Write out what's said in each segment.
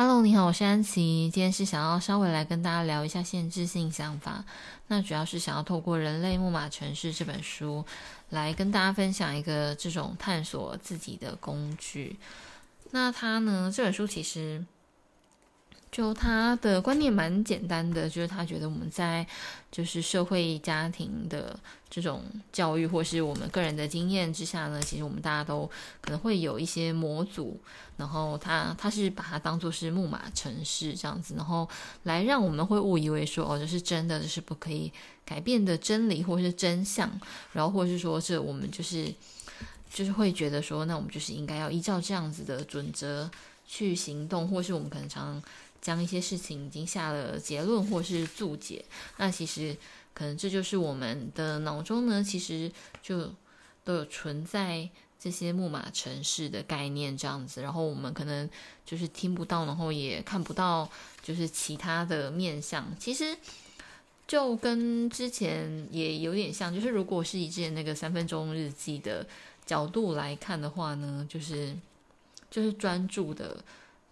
Hello，你好，我是安琪。今天是想要稍微來跟大家聊一下限制性想法，那主要是想要透過《人類木馬程式》這本書來跟大家分享一個這種探索自己的工具。那它呢，這本書其實。就他的觀念蠻簡單的，就是他覺得我們在就是社會家庭的這種教育，或是我們個人的經驗之下呢，其實我們大家都可能會有一些模組，然後他他是把它當做是木馬程式這樣子，然後來讓我們會誤以為說哦，這是真的，這是不可以改變的真理或是真相，然後或是說是我們就是就是會覺得說，那我們就是應該要依照這樣子的準則去行動，或是我們可能常常。將一些事情已經下了結論或是注解，那其實可能這就是我們的腦中呢，其實就都有存在這些木馬程式的概念這樣子，然後我們可能就是聽不到，然後也看不到就是其他的面向。其實就跟之前也有點像，就是如果是以之前那個三分鐘日記的角度來看的話呢，就是就是專注的。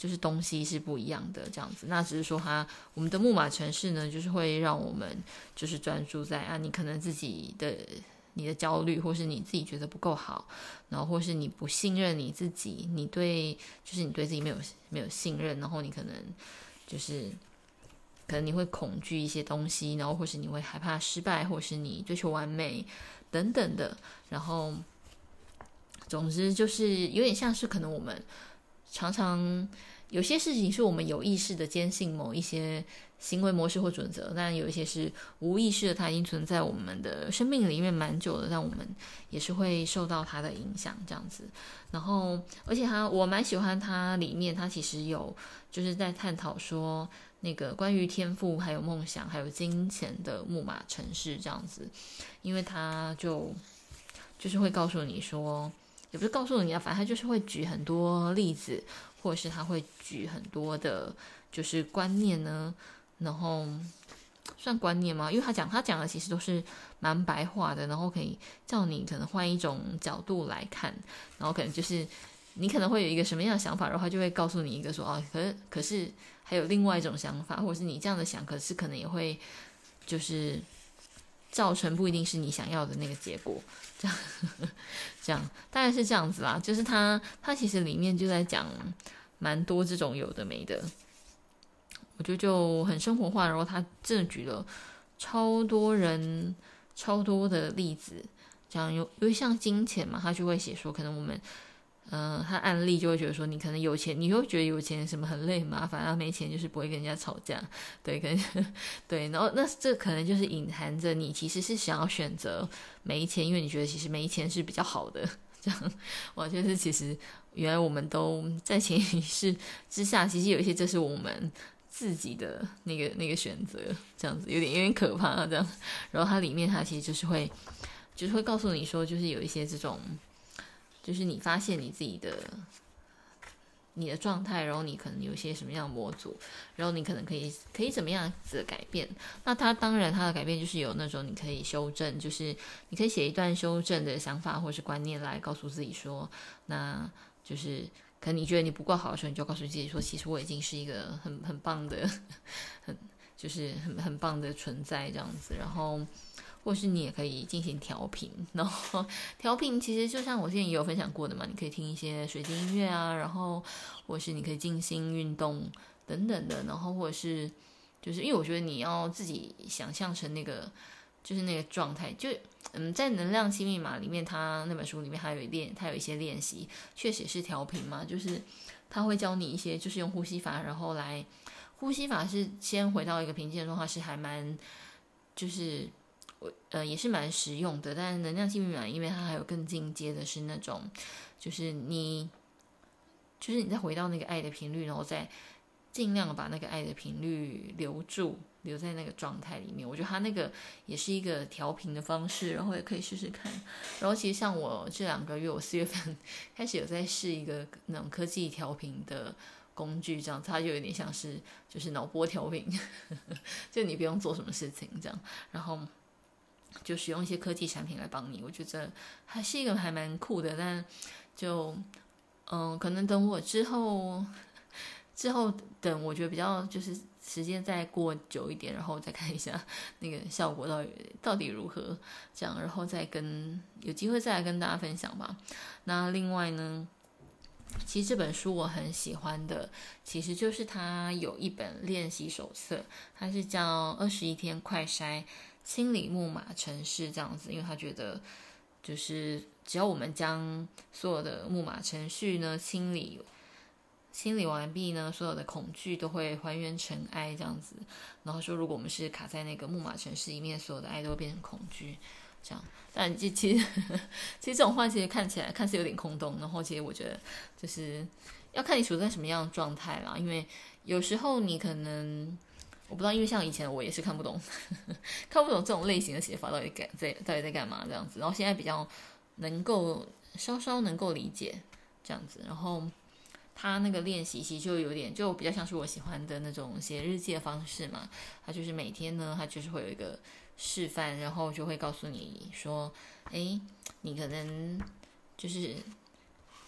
就是東西是不一樣的，這樣子。那只是說它，它我們的木馬程式呢，就是會讓我們就是專注在啊，你可能自己的你的焦慮，或是你自己覺得不夠好，然後或是你不信任你自己，你對就是你對自己沒有沒有信任，然後你可能就是可能你會恐懼一些東西，然後或是你會害怕失敗，或是你追求完美等等的。然後，總之就是有點像是可能我們。常常有些事情是我們有意識的堅信某一些行為模式或準則，但有一些是無意識的，它已經存在我們的生命裡面蠻久了，但我們也是會受到它的影響這樣子。然後，而且它我蠻喜歡它裡面，它其實有就是在探討說那個關於天賦、還有夢想、還有金錢的木馬程式這樣子，因為它就就是會告訴你說。也不是告訴你啊，反正他就是會舉很多例子，或者是他會舉很多的，就是觀念呢，然後算觀念嗎？因為他講他講的其實都是蠻白話的，然後可以叫你可能換一種角度來看，然後可能就是你可能會有一個什麼樣的想法，然後他就會告訴你一個說哦、啊，可可是還有另外一種想法，或者是你這樣的想可是可能也會就是造成不一定是你想要的那個結果。這樣，這樣，大概是這樣子啦。就是他，他其實裡面就在講蠻多這種有的沒的，我覺得就很生活化。然後他這舉了超多人，超多的例子，這樣有，因為像金錢嘛，他就會寫說，可能我們。嗯，他、呃、案例就會覺得說，你可能有錢，你就會覺得有錢什麼很累很麻煩、啊，沒錢就是不會跟人家吵架，對，可能對。然後那這可能就是隱含着你其實是想要選擇沒錢，因為你覺得其實沒錢是比較好的。這樣，我就是其實原來我們都在潛意識之下，其實有一些這是我們自己的那個那個選擇，這樣子有點有點可怕。這樣，然後它裡面它其實就是會，就是會告訴你說，就是有一些這種。就是你發現你自己的你的狀態，然後你可能有些什麼樣的模組，然後你可能可以可以怎麼樣子的改變？那它當然它的改變就是有那種你可以修正，就是你可以寫一段修正的想法或是觀念來告訴自己說，那就是可能你覺得你不夠好的時候，你就告訴自己說，其實我已經是一個很很棒的，很就是很很棒的存在這樣子，然後，或是你也可以進行調頻，然後調頻其實就像我之前也有分享過的嘛，你可以聽一些水晶音樂啊，然後或是你可以進行運動等等的，然後或者是就是因為我覺得你要自己想象成那個就是那個狀態，就嗯，在能量七密碼裡面，它那本書裡面還有練它有一些練習，確實是調頻嘛，就是他會教你一些就是用呼吸法，然後來呼吸法是先回到一個平靜的狀態，是還蠻就是，我呃，也是蠻實用的，但是能量性密碼，因為它還有更進階的，是那種，就是你，就是你再回到那個愛的頻率，然後再盡量把那個愛的頻率留住，留在那個狀態裡面。我覺得它那個也是一個調頻的方式，然後也可以試試看。然後其實像我這兩個月，我四月份開始有在試一個那種科技調頻的工具，這樣它就有點像是就是腦波調頻，呵呵，就你不用做什麼事情這樣，然後。就使用一些科技產品來幫你，我覺得還是一個還蠻酷的。但就嗯、呃，可能等我之後，之後等我覺得比較就是時間再過久一點，然後再看一下那個效果到底到底如何，這樣然後再跟有機會再來跟大家分享吧。那另外呢，其實這本書我很喜歡的，其實就是它有一本練習手冊，它是叫《二十一天快篩》。清理木馬程式這樣子，因為他覺得，就是只要我們將所有的木馬程序呢清理，清理完畢呢，所有的恐懼都會還原成愛這樣子。然後說，如果我們是卡在那個木馬程式裡面，所有的愛都會變成恐懼，這樣。但這其實，其實這種話其實看起來看似有點空洞。然後其實我覺得，就是要看你處在什麼樣的狀態啦。因為有時候你可能。我不知道，因為像以前我也是看不懂，呵呵，看不懂這種類型的寫法到底在，到底在幹嘛，這樣子。然後現在比較能夠稍稍能夠理解這樣子。然後他那個練習其實就有點，就比較像是我喜歡的那種寫日記的方式嘛。他就是每天呢，他就是會有一個示範，然後就會告訴你說：“哎，你可能就是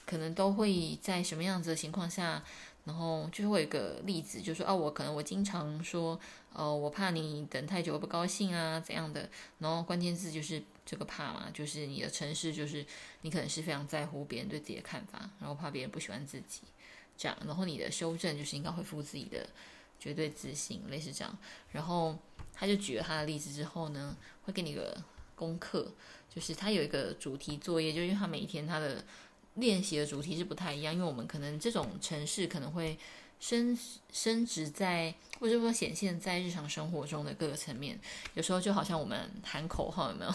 可能都會在什麼樣子的情況下。”然後就是我有一個例子，就是、說啊，我可能我經常說，呃，我怕你等太久會不高興啊，怎樣的。然後關鍵字就是這個怕嘛，就是你的程式，就是你可能是非常在乎別人對自己的看法，然後怕別人不喜歡自己，這樣。然後你的修正就是應該恢復自己的絕對自信，類似這樣。然後他就舉了他的例子之後呢，會給你一個功課，就是他有一個主題作業，就因、是、為他每一天他的。練習的主題是不太一樣，因為我們可能這種程式可能會深深植在，或者說顯現在日常生活中的各個層面。有時候就好像我們喊口號，有沒有？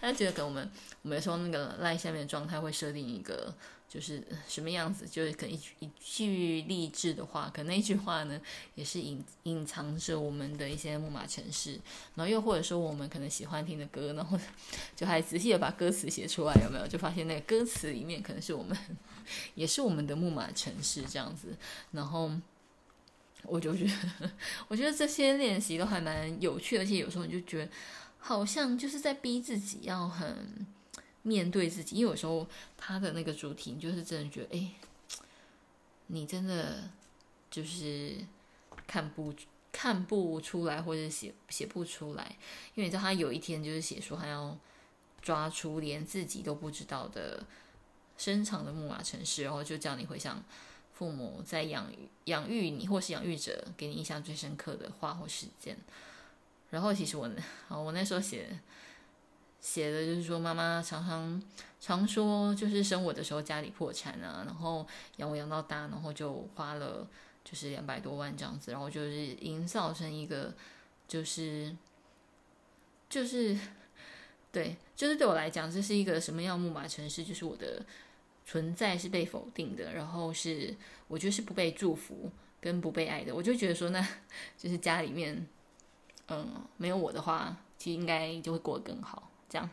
他 覺得跟我們我們說那個 LINE 下面的狀態會設定一個。就是什麼樣子，就是一一句勵志的話，可能那一句話呢，也是隱隱藏着我們的一些木馬程式。然後又或者說我們可能喜歡聽的歌，然後就還仔細的把歌詞寫出來，有沒有？就發現那個歌詞裡面可能是我們，也是我們的木馬程式這樣子。然後我就覺得，我覺得這些練習都還蠻有趣，而且有時候你就覺得好像就是在逼自己要很。面對自己，因為有時候他的那個主題就是真的覺得，哎，你真的就是看不看不出來或，或者寫寫不出來。因為你知道他有一天就是寫說，他要抓出連自己都不知道的深藏的木馬程式，然後就叫你回想父母在養育養育你，或是養育者給你印象最深刻的話或事件。然後其實我我那時候寫。寫的就是說，媽媽常常常說，就是生我的時候家裡破產啊，然後養我養到大，然後就花了就是兩百多萬這樣子，然後就是營造成一個就是就是對，就是對我來講，這是一個什麼樣的木馬程式，就是我的存在是被否定的，然後是我覺得是不被祝福跟不被愛的。我就覺得說，那就是家裡面嗯沒有我的話，其實應該就會過得更好。這樣，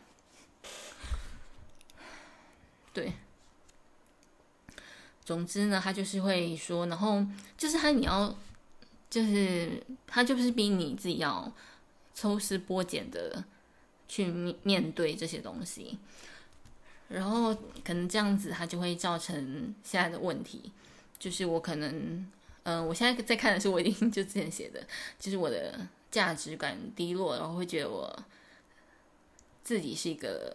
對。總之呢，他就是會說，然後就是他你要，就是他就是逼你自己要抽絲剝繭的去面對這些東西，然後可能這樣子，他就會造成現在的問題，就是我可能，嗯，我現在在看的是我已經就之前寫的，就是我的價值感低落，然後會覺得我。自己是一個，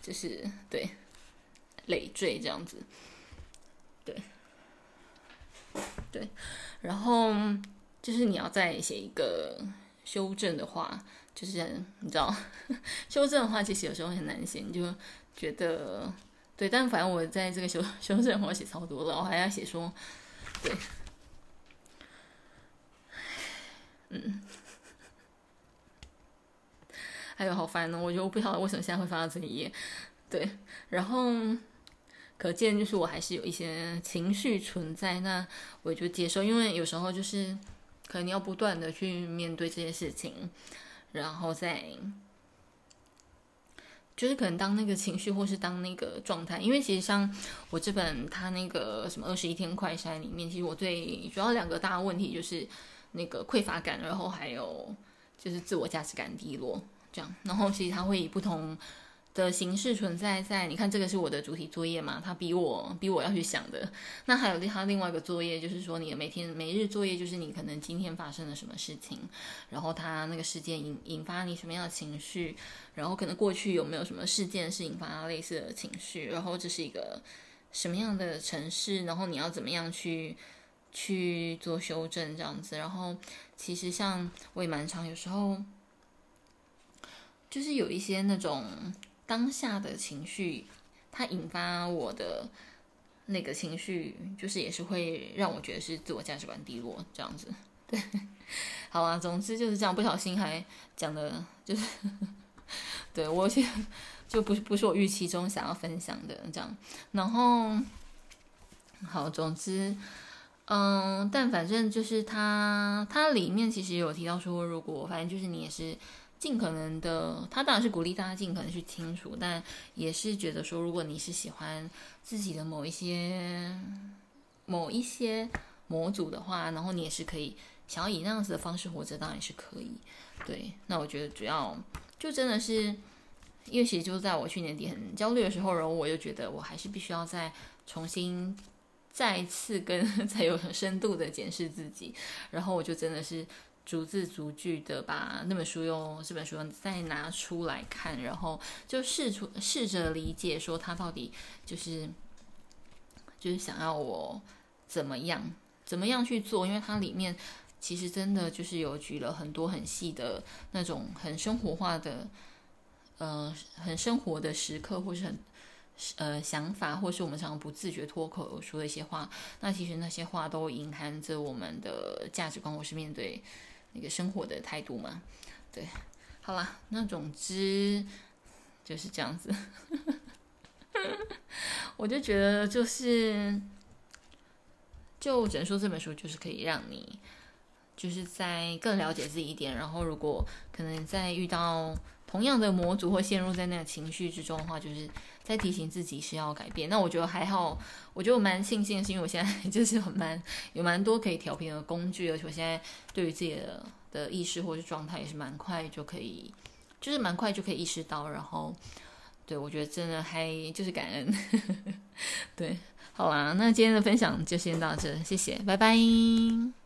就是對累贅這樣子，對對，然後就是你要再寫一個修正的話，就是你知道，修正的話其實有時候很難寫，你就覺得對，但反正我在這個修，修正我寫超多了，我還要寫說，對，嗯。還有好煩呢、哦，我就不知道為什麼現在會發到這一頁，對，然後可見就是我還是有一些情緒存在，那我就接受，因為有時候就是可能你要不斷的去面對這些事情，然後再就是可能當那個情緒或是當那個狀態，因為其實像我這本他那個什麼二十一天快篩裡面，其實我最主要兩個大問題就是那個匱乏感，然後還有就是自我價值感低落。這樣，然後其實它會以不同的形式存在在。你看這個是我的主題作業嘛，他逼我逼我要去想的。那還有他另外一個作業就是說，你每天每日作業就是你可能今天發生了什麼事情，然後他那個事件引引發你什麼樣的情緒，然後可能過去有沒有什麼事件是引發類似的情緒，然後這是一個什麼樣的程式，然後你要怎麼樣去去做修正這樣子。然後其實像我也蠻常有時候。就是有一些那種當下的情緒，它引發我的那個情緒，就是也是會讓我覺得是自我價值觀低落這樣子。對，好啊，總之就是這樣，不小心還講的，就是對我其實就，就不是不是我預期中想要分享的這樣。然後好，總之，嗯，但反正就是它它裡面其實有提到說，如果反正就是你也是。盡可能的，他當然是鼓勵大家盡可能去清除，但也是覺得說，如果你是喜歡自己的某一些某一些模組的話，然後你也是可以想要以那樣子的方式活着，當然是可以。對，那我覺得主要就真的是，因為其實就在我去年底很焦慮的時候，然後我又覺得我還是必須要再重新再次跟才有深度的檢視自己，然後我就真的是。逐字逐句的把那本書用這本書用再拿出來看，然後就試圖試着理解，說他到底就是就是想要我怎麼樣怎麼樣去做，因為它裡面其實真的就是有舉了很多很細的那種很生活化的，呃，很生活的時刻，或是很呃想法，或是我們常常不自覺脫口而說的一些話。那其實那些話都隱含着我們的價值觀，或是面對。一個生活的態度嘛，對，好了，那總之就是這樣子， 我就覺得就是，就只能說這本書就是可以讓你，就是在更了解自己一點，然後如果可能在遇到。同樣的模組會陷入在那個情緒之中的話，就是在提醒自己是要改變。那我覺得還好，我覺得我蠻慶幸的是，是因為我現在就是很蠻有蠻多可以調頻的工具，而且我現在對於自己的的意識或是狀態也是蠻快就可以，就是蠻快就可以意識到。然後，對我覺得真的還就是感恩。 對，好啦，那今天的分享就先到這，謝謝，拜拜。